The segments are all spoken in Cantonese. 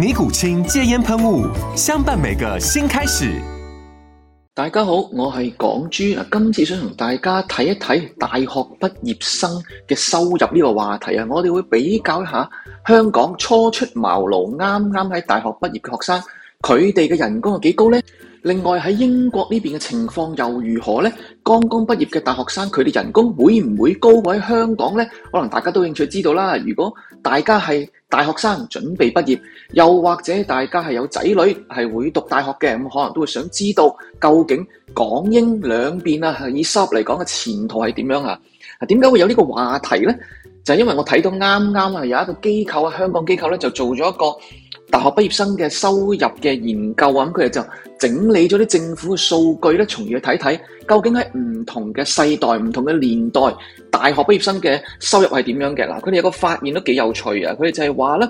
尼古清戒煙噴霧，相伴每個新開始。大家好，我係港豬嗱，今次想同大家睇一睇大學畢業生嘅收入呢個話題啊，我哋會比較一下香港初出茅廬、啱啱喺大學畢業嘅學生，佢哋嘅人工係幾高咧？另外喺英國呢邊嘅情況又如何呢？剛剛畢業嘅大學生佢哋人工會唔會高過喺香港呢？可能大家都興趣知道啦。如果大家係大學生準備畢業，又或者大家係有仔女係會讀大學嘅，咁可能都會想知道究竟港英兩邊啊以收入嚟講嘅前途係點樣啊？點解會有呢個話題呢？就係因為我睇到啱啱啊有一個機構啊香港機構咧就做咗一個大學畢業生嘅收入嘅研究啊，咁佢哋就整理咗啲政府嘅數據咧，從而去睇睇究竟喺唔同嘅世代、唔同嘅年代，大學畢業生嘅收入係點樣嘅嗱。佢哋有個發現都幾有趣啊，佢哋就係話咧，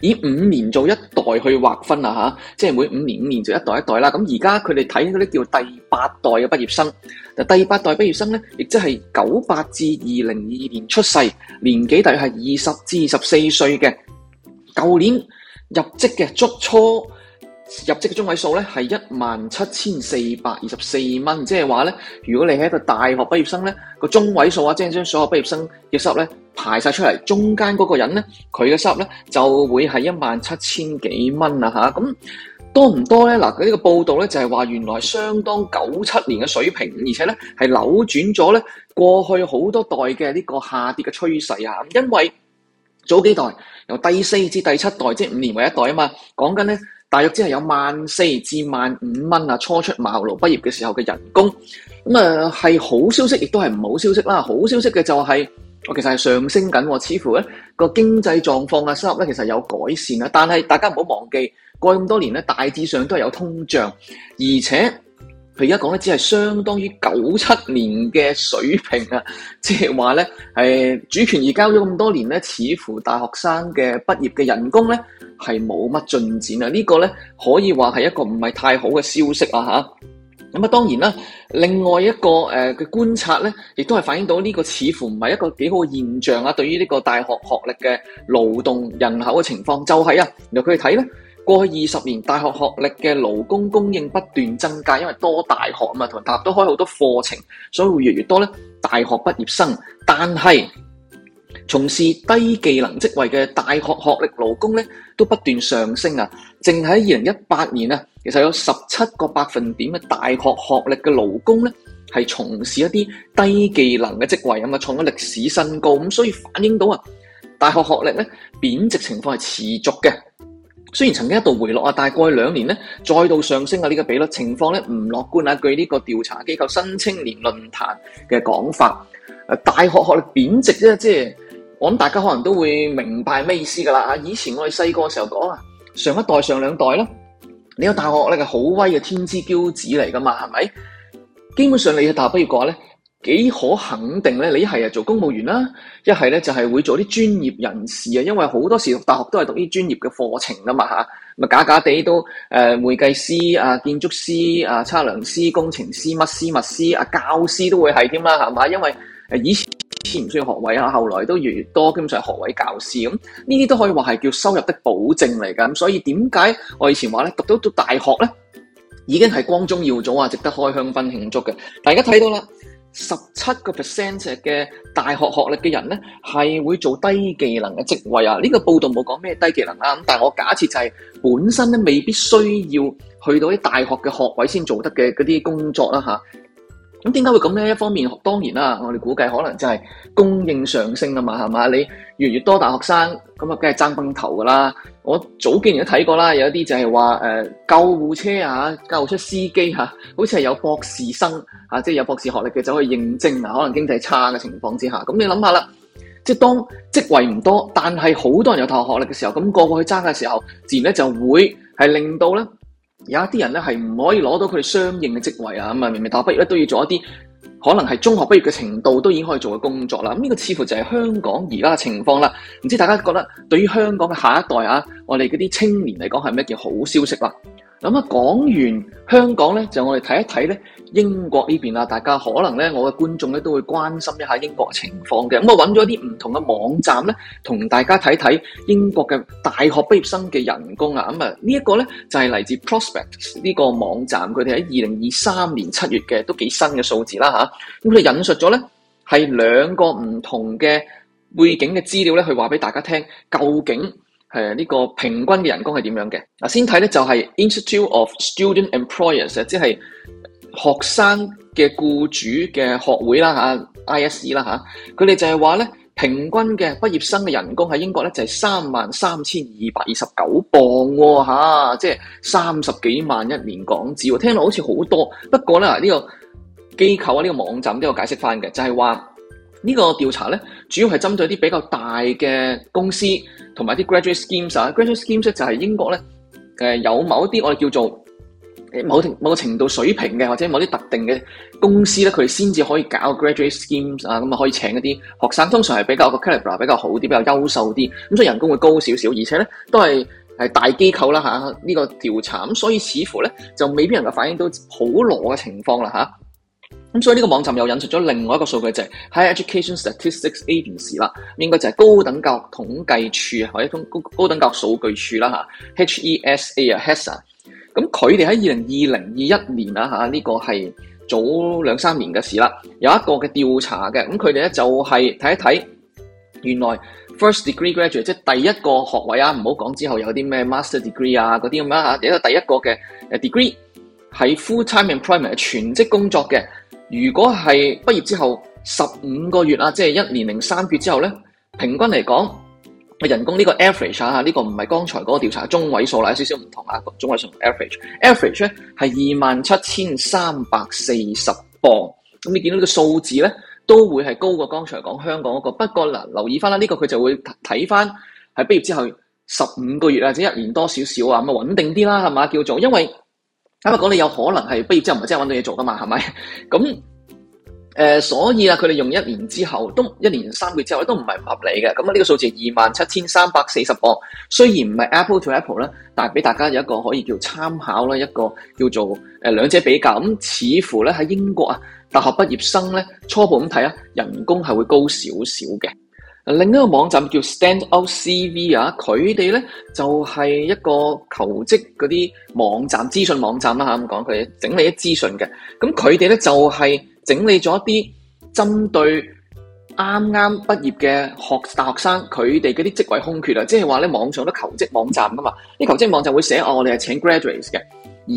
以五年做一代去劃分啊吓，即係每五年、五年做一,一代、一代啦。咁而家佢哋睇嗰啲叫第八代嘅畢業生，嗱第八代畢業生咧，亦即係九八至二零二二年出世，年紀大約係二十至二十四歲嘅，舊年。入職嘅最初入職嘅中位數咧係一萬七千四百二十四蚊，即係話咧，如果你係一個大學畢業生咧，個中位數啊，即係將所有畢業生嘅收入咧排晒出嚟，中間嗰個人咧，佢嘅收入咧就會係一萬七千幾蚊啊吓，咁多唔多咧？嗱，佢呢個報道咧就係話原來相當九七年嘅水平，而且咧係扭轉咗咧過去好多代嘅呢個下跌嘅趨勢啊，因為。早幾代由第四至第七代，即係五年為一代啊嘛，講緊咧，大約只係有萬四至萬五蚊啊，初出茅廬畢業嘅時候嘅人工，咁啊係好消息，亦都係唔好消息啦。好消息嘅就係、是，我其實係上升緊，似乎咧個經濟狀況啊，收入咧其實有改善啦。但係大家唔好忘記，過咁多年咧，大致上都係有通脹，而且。佢而家講咧，只係相當於九七年嘅水平啊！即係話咧，誒主權移交咗咁多年咧，似乎大學生嘅畢業嘅人工咧係冇乜進展啊！呢、這個咧可以話係一個唔係太好嘅消息啊！咁啊，當然啦，另外一個誒嘅觀察咧，亦都係反映到呢個似乎唔係一個幾好嘅現象啊！對於呢個大學學歷嘅勞動人口嘅情況，就係、是、啊，然後佢哋睇咧。過去二十年，大學學歷嘅勞工供應不斷增加，因為多大學啊嘛，同大學都開好多課程，所以會越嚟越多咧，大學畢業生。但係從事低技能職位嘅大學學歷勞工咧，都不斷上升啊！淨喺二零一八年啊，其實有十七個百分點嘅大學學歷嘅勞工咧，係從事一啲低技能嘅職位啊嘛，創咗歷史新高。咁所以反映到啊，大學學歷咧貶值情況係持續嘅。雖然曾經一度回落啊，但係過去兩年咧再度上升啊，呢個比率情況咧唔樂觀啊。據呢個調查機構新青年論壇嘅講法，誒，大學學歷貶值啫，即係我諗大家可能都會明白咩意思噶啦吓。以前我哋細個嘅時候講啊，上一代、上兩代啦，你有大學咧係好威嘅天之驕子嚟噶嘛，係咪？基本上你嘅大學畢業嘅話咧。幾可肯定咧，你一係啊做公務員啦，一係咧就係會做啲專業人士啊，因為好多時讀大學都係讀啲專業嘅課程啦嘛吓，咪假假地都誒、呃、會計師啊、建築師啊、測量師、工程師、乜師、乜師啊、教師都會係添啦，係嘛？因為誒以前唔需要學位啊，後來都越越多，基本上學位教師咁，呢啲都可以話係叫收入的保證嚟噶，咁所以點解我以前話咧讀到讀大學咧，已經係光宗耀祖啊，值得開香檳慶祝嘅，大家睇到啦。十七個 percent 嘅大學學歷嘅人咧，係會做低技能嘅職位啊！呢個報道冇講咩低技能啊，咁但係我假設就係本身咧未必需要去到啲大學嘅學位先做得嘅嗰啲工作啦，啊，吓。咁點解會咁呢？一方面當然啦，我哋估計可能就係供應上升啊嘛，係嘛？你越來越多大學生，咁啊梗係爭崩頭噶啦！我早幾年都睇過啦，有一啲就係話誒救護車啊，救護車司機嚇、啊，好似係有博士生啊，即係有博士學歷嘅走去認證啊，可能經濟差嘅情況之下，咁你諗下啦，即係當職位唔多，但係好多人有大學學歷嘅時候，咁、那個個去爭嘅時候，自然咧就會係令到咧。有一啲人咧係唔可以攞到佢相應嘅職位啊咁啊，明明大學畢業咧都要做一啲可能係中學畢業嘅程度都已經可以做嘅工作啦。咁、嗯、呢、這個似乎就係香港而家嘅情況啦。唔知大家覺得對於香港嘅下一代啊，我哋嗰啲青年嚟講係咩叫好消息啦？咁啊，講完香港咧，就我哋睇一睇咧英國呢邊啦。大家可能咧，我嘅觀眾咧都會關心一下英國嘅情況嘅。咁啊，揾咗啲唔同嘅網站咧，同大家睇睇英國嘅大學畢業生嘅人工啊。咁啊，呢一個咧就係、是、嚟自 Prospects 呢個網站，佢哋喺二零二三年七月嘅，都幾新嘅數字啦吓，咁、啊、佢引述咗咧，係兩個唔同嘅背景嘅資料咧，去話俾大家聽，究竟。係呢個平均嘅人工係點樣嘅？嗱，先睇咧就係、是、Institute of Student Employers，即係學生嘅僱主嘅學會啦吓 ISE 啦吓，佢哋就係話咧，平均嘅畢業生嘅人工喺英國咧就係三萬三千二百二十九鎊，啊，吓，即係三十幾萬一年港紙，聽落好似好多。不過咧，呢個機構啊，呢個網站都有解釋翻嘅，就係話。呢、呢個調查咧，主要係針對啲比較大嘅公司同埋啲 graduate schemes 啊，graduate schemes 就係英國咧，有某一啲我哋叫做某某程度水平嘅，或者某啲特定嘅公司咧，佢先至可以搞 graduate schemes 啊，咁啊可以請一啲學生，通常係比較個 caliber 比較好啲，比較優秀啲，咁所以人工會高少少，而且咧都係大機構啦嚇。呢個調查咁，所以似乎咧就未必能夠反映到好裸嘅情況啦。咁所以呢個網站又引述咗另外一個數據，就係、是、喺 Higher Education Statistics Agency 啦，應該就係高等教育統計處或者高等教育數據處啦嚇，HESA 啊，HESA。咁佢哋喺二零二零二一年啦嚇，呢、這個係早兩三年嘅事啦。有一個嘅調查嘅，咁佢哋咧就係睇一睇，原來 first degree graduate 即係第一個學位啊，唔好講之後有啲咩 master degree 啊嗰啲咁啦嚇，第一個第一個嘅誒 degree 係 full time employment 全職工作嘅。如果係畢業之後十五個月啊，即係一年零三月之後咧，平均嚟講人工呢個 average 啊，呢個唔係剛才嗰個調查，中位數啦，有少少唔同啊，中位數 average，average 咧係二萬七千三百四十磅。咁你見到呢個數字咧，都會係高過剛才講香港嗰個。不過嗱、呃，留意翻啦，呢個佢就會睇翻喺畢業之後十五個月啊，或者一年多少少啊，咁穩定啲啦，係嘛叫做，因為。咁啊，講你有可能係畢業之後唔係真係揾到嘢做噶嘛，係咪？咁誒、呃，所以啦，佢哋用一年之後，都一年三個月之後都唔係唔合理嘅。咁啊，呢個數字二萬七千三百四十磅，雖然唔係 Apple to Apple 啦，但係俾大家有一個可以叫參考啦，一個叫做誒兩者比較。咁似乎咧喺英國啊，大學畢業生咧初步咁睇啊，人工係會高少少嘅。另一個網站叫 Stand Out CV 啊，佢哋咧就係、是、一個求職嗰啲網站資訊網站啦、啊、吓，咁講佢整理啲資訊嘅。咁佢哋咧就係、是、整理咗一啲針對啱啱畢業嘅學大學生，佢哋嗰啲職位空缺啊，即係話咧網上都求職網站噶嘛，啲求職網站會寫哦，我哋係請 graduates 嘅，而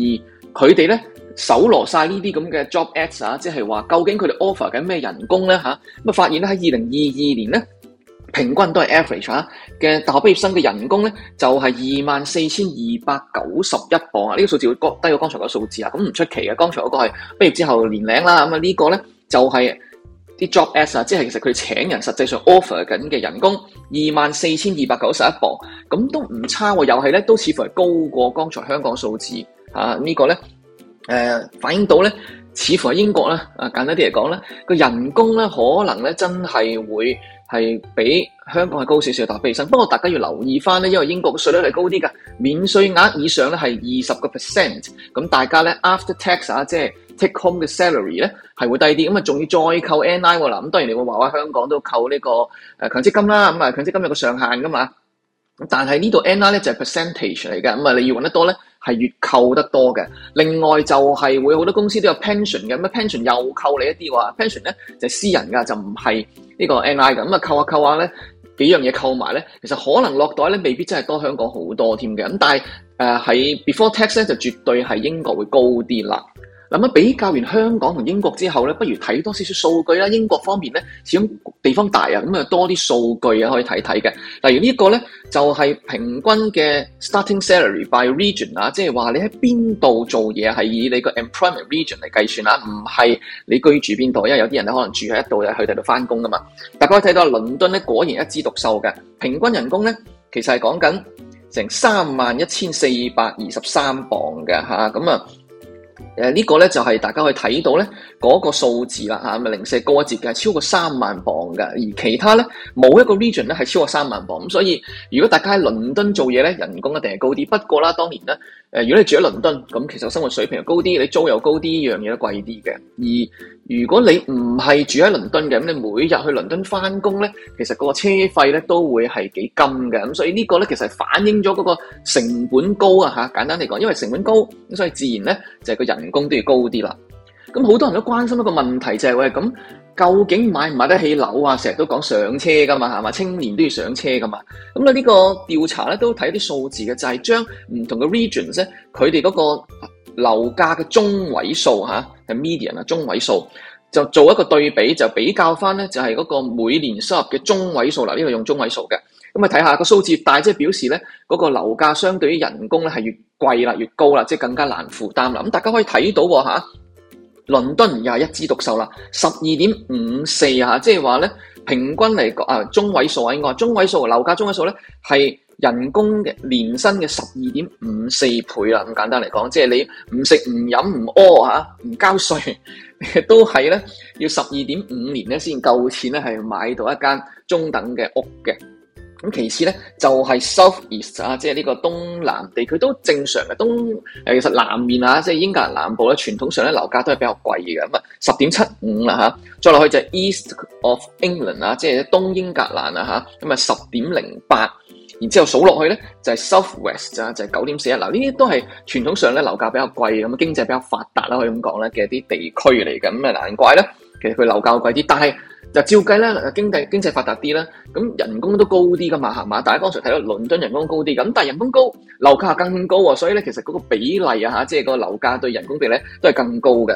佢哋咧搜羅晒呢啲咁嘅 job ads 啊，即係話究竟佢哋 offer 緊咩人工咧吓，咁啊發現咧喺二零二二年咧。平均都係 average 嚇嘅大學畢業生嘅人工咧，就係二萬四千二百九十一磅啊！呢、呢個數字會低過剛才嗰個數字啊，咁唔出奇嘅。剛才嗰個係畢業之後年齡啦，咁啊個呢個咧就係啲 job ads 啊，即係其實佢請人實際上 offer 緊嘅人工二萬四千二百九十一磅，咁都唔差喎、啊，又係咧都似乎係高過剛才香港數字嚇、啊、呢個咧，誒、呃、反映到咧，似乎喺英國咧，啊簡單啲嚟講咧，個人工咧可能咧真係會。係比香港係高少少，但係遞增。不過大家要留意翻咧，因為英國嘅稅率係高啲㗎，免稅額以上咧係二十個 percent。咁大家咧 after tax 啊，即係 take home 嘅 salary 咧係會低啲。咁啊，仲要再扣 NI 喎嗱。咁當然你會話話香港都扣呢個誒強積金啦。咁啊，強積金有個上限㗎嘛。咁但係呢度 NI 咧就係 percentage 嚟㗎。咁啊，你要揾得多咧。係越扣得多嘅，另外就係會好多公司都有 pension 嘅，咁、嗯、啊 pension 又扣你一啲喎，pension 咧就係、私人噶，就唔係呢個 NI 噶，咁、嗯、啊扣一下扣一下咧，幾樣嘢扣埋咧，其實可能落袋咧未必真係多香港好多添嘅，咁、嗯、但係誒喺 before tax 咧就絕對係英國會高啲啦。咁啊，比較完香港同英國之後咧，不如睇多少少數據啦。英國方面咧，始終地方大啊，咁啊多啲數據啊可以睇睇嘅。例如呢個咧，就係平均嘅 starting salary by region 啊，即係話你喺邊度做嘢係以你個 employment region 嚟計算啊，唔係你居住邊度，因為有啲人咧可能住喺一度，又去第度翻工噶嘛。大家可以睇到倫敦咧，果然一枝獨秀嘅平均人工咧，其實係講緊成三萬一千四百二十三磅嘅嚇，咁啊～誒、這個、呢個咧就係、是、大家去睇到咧嗰、那個數字啦，咁啊零舍過節嘅，超過三萬磅嘅，而其他咧冇一個 region 咧係超過三萬磅咁，所以如果大家喺倫敦做嘢咧，人工一定係高啲。不過啦，當然咧、呃，如果你住喺倫敦咁，其實生活水平又高啲，你租又高啲，呢樣嘢都貴啲嘅。而如果你唔係住喺倫敦嘅，咁你每日去倫敦翻工咧，其實個車費咧都會係幾金嘅，咁所以呢個咧其實反映咗嗰個成本高啊嚇！簡單嚟講，因為成本高，所以自然咧就係個人工都要高啲啦。咁好多人都關心一個問題就係喂，咁究竟買唔買得起樓啊？成日都講上車噶嘛，係嘛？青年都要上車噶嘛。咁咧呢個調查咧都睇啲數字嘅，就係將唔同嘅 regions 咧，佢哋嗰個，樓價嘅中位數吓，係 median 啊，medium，中位數就做一個對比，就比較翻咧，就係、是、嗰個每年收入嘅中位數啦。呢、啊這個用中位數嘅，咁啊睇下、那個數字大，即係表示咧嗰、那個樓價相對於人工咧係越貴啦，越高啦，即係更加難負擔啦。咁、啊、大家可以睇到吓，倫、啊、敦又係一枝獨秀啦，十二點五四嚇，即係話咧。平均嚟講，啊中位數啊應該，中位數樓價中位數咧，係人工嘅年薪嘅十二點五四倍啦。咁簡單嚟講，即係你唔食唔飲唔屙吓，啊，唔交稅，都係咧要十二點五年咧先夠錢咧，係買到一間中等嘅屋嘅。咁其次咧就係 South East 啊，即係呢個東南地區都正常嘅東、呃、其實南面啊，即係英格蘭南部咧，傳統上咧樓價都係比較貴嘅咁啊，十點七五啦吓，再落去就係 East of England 啊，即係東英格蘭啊吓。咁啊十點零八，然之後數落去咧就係 South West 樓啊，就係九點四一，嗱呢啲都係傳統上咧樓價比較貴，咁經濟比較發達啦，可以咁講啦。嘅啲地區嚟嘅咁啊，難怪啦。其實佢樓價貴啲，但係就照計咧，經濟經濟發達啲啦，咁人工都高啲噶嘛，係嘛？大家剛才睇到倫敦人工高啲，咁但係人工高，樓價更高啊，所以咧其實嗰個比例啊吓，即係個樓價對人工地咧都係更高嘅。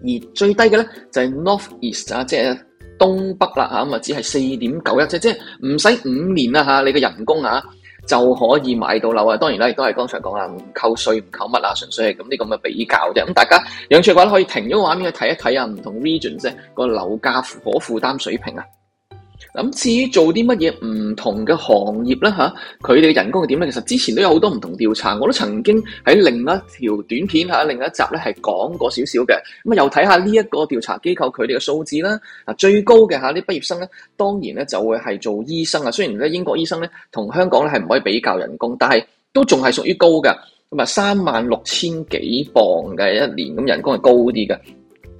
而最低嘅咧就係 North East 啊，即係東北啦吓，咁啊只係四點九一，即即係唔使五年啦吓，你嘅人工啊。就可以買到樓啊！當然咧，亦都係剛才講啦，唔扣稅唔扣乜啊，純粹係咁啲咁嘅比較啫。咁大家有興趣嘅話，可以停咗個畫面去睇一睇啊，唔同 region 啫，那個樓價可負擔水平啊。咁至於做啲乜嘢唔同嘅行業咧，嚇佢哋嘅人工係點咧？其實之前都有好多唔同調查，我都曾經喺另一條短片嚇另一集咧係講過少少嘅。咁啊，又睇下呢一個調查機構佢哋嘅數字啦。啊，最高嘅嚇啲畢業生咧，當然咧就會係做醫生啊。雖然咧英國醫生咧同香港咧係唔可以比較人工，但係都仲係屬於高㗎。咁啊，三萬六千幾鎊嘅一年，咁人工係高啲嘅。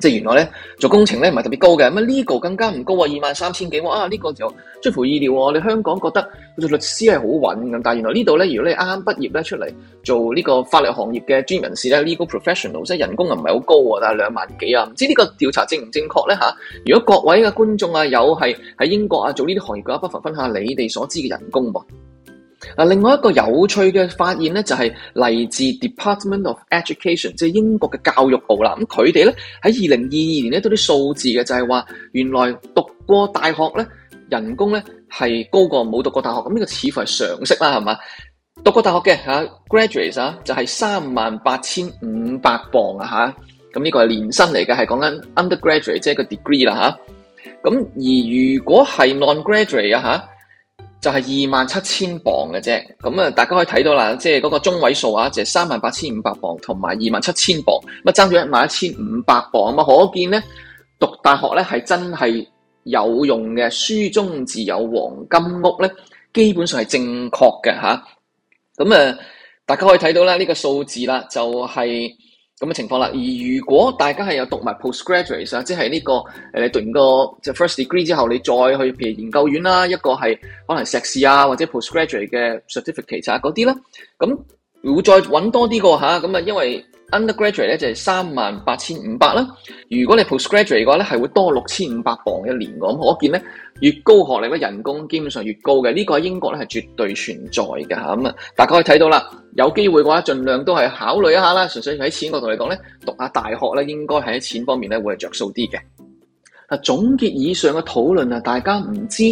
即係原來咧做工程咧唔係特別高嘅，咁啊呢個更加唔高啊，二萬三千幾，啊，呢個就出乎意料喎。你香港覺得做律師係好穩咁，但係原來呢度咧，如果你啱啱畢業咧出嚟做呢個法律行業嘅專業人士咧，legal professional，即係人工又唔係好高喎，但係兩萬幾啊。唔知呢個調查正唔正確咧吓、啊？如果各位嘅觀眾啊，有係喺英國啊做呢啲行業嘅，不妨分下你哋所知嘅人工噃。嗱，另外一個有趣嘅發現咧，就係、是、嚟自 Department of Education，即係英國嘅教育部啦。咁佢哋咧喺二零二二年咧，都啲數字嘅，就係、是、話原來讀過大學咧，人工咧係高過冇讀過大學。咁、嗯、呢、這個似乎係常識啦，係嘛？讀過大學嘅 graduates 啊，Graduates，就係三萬八千五百磅啊，吓、嗯，咁、這、呢個係年薪嚟嘅，係講緊 undergraduate 即係個 degree 啦、啊，吓、嗯，咁而如果係 non-graduate 啊，吓。就係二萬七千鎊嘅啫，咁啊大家可以睇到啦，即係嗰個中位數啊，就係三萬八千五百鎊同埋二萬七千鎊，咁啊爭咗一萬一千五百鎊啊，可見咧讀大學咧係真係有用嘅，書中自有黃金屋咧，基本上係正確嘅吓，咁啊大家可以睇到啦，呢個數字啦就係。咁嘅情況啦，而如果大家係有讀埋 postgraduate 啊、這個，即係呢個你讀完個 first degree 之後，你再去譬如研究院啦，一個係可能碩士啊，或者 postgraduate 嘅 certificate 啊嗰啲啦，咁如果再揾多啲個下，咁啊因為。undergraduate 咧就係三萬八千五百啦。如果你 postgraduate 嘅話咧，係會多六千五百鎊一年嘅。咁可見咧，越高學歷嘅人工基本上越高嘅。呢個喺英國咧係絕對存在嘅吓。咁啊，大家可以睇到啦，有機會嘅話盡量都係考慮一下啦。純粹喺錢角度嚟講咧，讀下大學咧應該喺錢方面咧會係着數啲嘅。嗱，總結以上嘅討論啊，大家唔知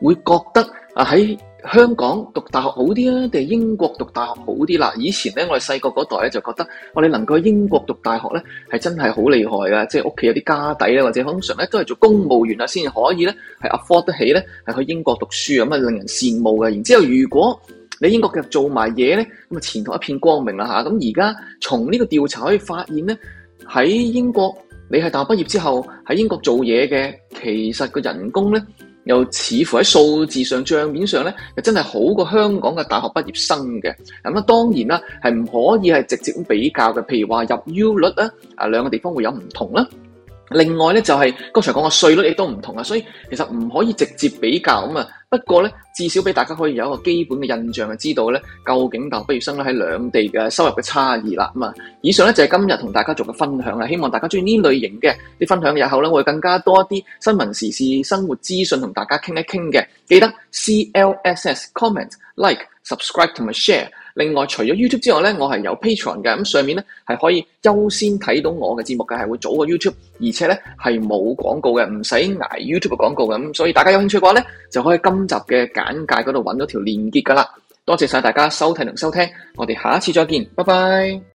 會覺得。啊！喺香港讀大學好啲啊，定係英國讀大學好啲啦？以前咧，我哋細個嗰代咧就覺得，我哋能夠去英國讀大學咧，係真係好厲害噶，即係屋企有啲家底咧，或者通常咧都係做公務員啊，先至可以咧係 afford 得起咧，係去英國讀書咁啊，令人羨慕嘅。然之後，如果你英國嘅做埋嘢咧，咁啊前途一片光明啦吓。咁而家從呢個調查可以發現咧，喺英國你係大學畢業之後喺英國做嘢嘅，其實個人工咧。又似乎喺數字上、帳面上咧，又真係好過香港嘅大學畢業生嘅。咁啊，當然啦，係唔可以係直接咁比較嘅。譬如話入 U 率咧，啊兩個地方會有唔同啦。另外呢，就係剛才講嘅稅率亦都唔同啊，所以其實唔可以直接比較咁啊。不過呢，至少俾大家可以有一個基本嘅印象，就知道呢，究竟大學畢業生咧，喺兩地嘅收入嘅差異啦。咁啊，以上呢，就係、是、今日同大家做嘅分享啦。希望大家中意呢類型嘅啲分享嘅，日後呢，會更加多一啲新聞時事生活資訊同大家傾一傾嘅。記得 CLSS、Comment、Like、Subscribe 同埋 Share。另外，除咗 YouTube 之外咧，我係有 Patreon 嘅，咁上面咧係可以優先睇到我嘅節目嘅，係會早過 YouTube，而且咧係冇廣告嘅，唔使捱 YouTube 嘅廣告嘅，咁所以大家有興趣嘅話咧，就可以今集嘅簡介嗰度搵到條連結噶啦。多謝晒大家收睇同收聽，我哋下一次再見，拜拜。